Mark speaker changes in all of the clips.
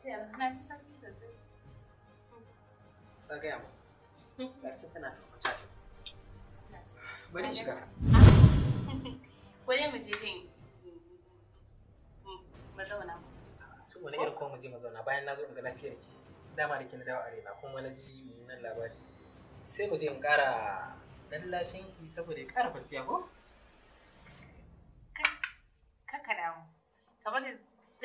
Speaker 1: lafiya muje mu. Bari shiga. mu je jin mazauna. wani irin kuma mu je mazauna bayan na zo in ga lafiyar ki. Dama da dawo kuma na ji nan labari. Sai mu je in ƙara lallashin ki saboda ya ƙara kwanciya ko?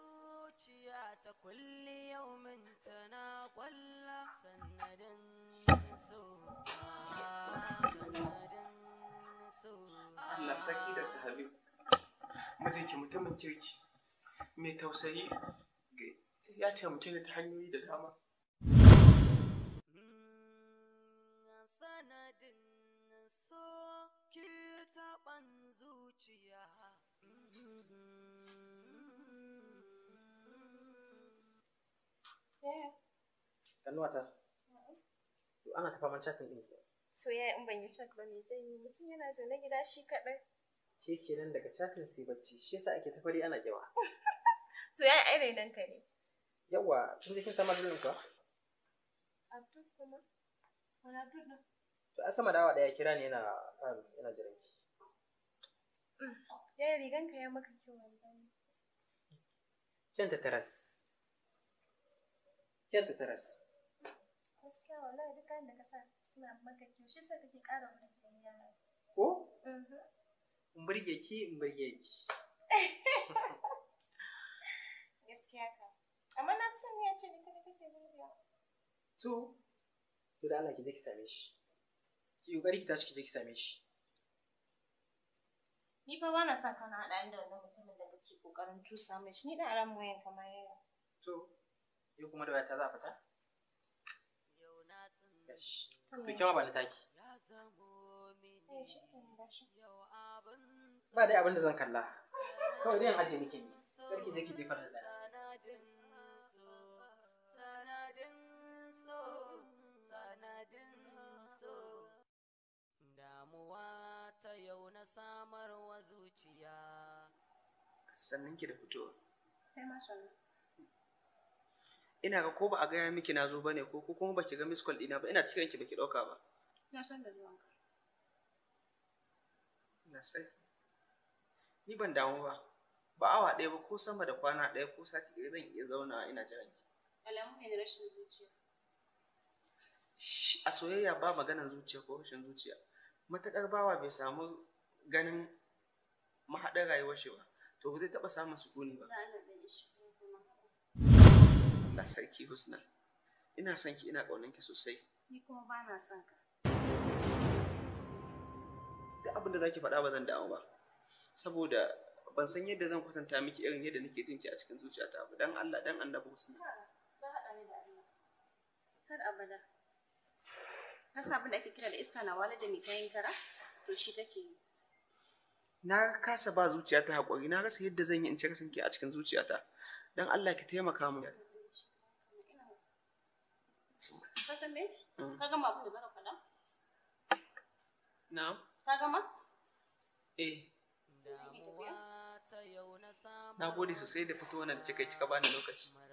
Speaker 1: zuciya ta kulli yaumin na kwalla sannadin
Speaker 2: so Allah saki da Habib mijinki mutumin kirki mai tausayi ya taimake ni ta hanyoyi da dama
Speaker 1: hmm, sanadin so taɓan zuciya hmm, hmm, Kanuwata. To ana tafa man chatin din ke. Soyayya in ban yi chat ba me zai yi mutum yana zaune gida shi kaɗai. Ke kenan daga chatin sai bacci shi yasa ake ta fari ana kiwa. to ya ai rainan ka ne. Yawwa kin je kin samar da ka? Abdul kuma. Wani Abdul ne? To a sama da awa ɗaya kira ne yana um, yana jiran ki. Mm. Yaya riganka ya maka kyau wannan. Kyanta taras. Kyanta taras. wallahi duk kayan da ka sa suna maka kyau shi sa kake ƙara burge yara. Ko? Mhm. In burge ki in burge ki. Gaskiya ka. Amma na fi son ya ce ni kada kake burge. To, to da Allah ki je ki same shi. Ki kokari ki tashi ki je ki same shi. Ni fa ba na sa kana haɗa da wannan mutumin da kake kokarin tusa mai shi ni da aran wayan kamar yaya. To, yau kuma da wata za a fita? To ba ni taki. Ba dai abin da zan kalla. Kawai ne. Sarki zai ki zai fara Damuwa ta yau na samarwa zuciya.
Speaker 2: Sannan ki da fito. Kai ma sannan. ina ga ko ba a gaya miki na zo ba ne ko kuma ba ki ga miss call ɗina ba ina cikin ki ba ki ɗauka ba. Na san da zuwanka. Na sai. Ni ban damu ba. Ba awa ɗaya ba ko sama da kwana ɗaya ko sati ɗaya zan iya zauna ina jiran ki.
Speaker 1: Alamu ne rashin zuciya.
Speaker 2: A soyayya ba maganar zuciya ko rashin zuciya. matakar bawa bai samu ganin mahaɗar rayuwar shi ba. To zai taɓa samun sukuni ba. Na Allah da shi. Allah sarki Husna. Ina son ki ina ƙaunar ki sosai. Ni kuma ba na son ka. da abin da zaki faɗa ba zan damu ba. Saboda ban san yadda zan kwatanta miki irin yadda nake jin ki a cikin zuciyata ba. Dan Allah dan Annabi Husna.
Speaker 1: Ba haɗa ni da Allah. Kar abada. Ka sa abin da ake kira da iska na walar da ni kayan kara? To shi take yi.
Speaker 2: na kasa ba zuciyata haƙuri na rasa yadda zan yi in ci ki a cikin zuciyata Dan Allah ki taimaka mu ka san me mm. ka
Speaker 1: gama abin da zaka faɗa na'am ka gama
Speaker 2: eh na gode sosai da fito wannan da kika bani lokaci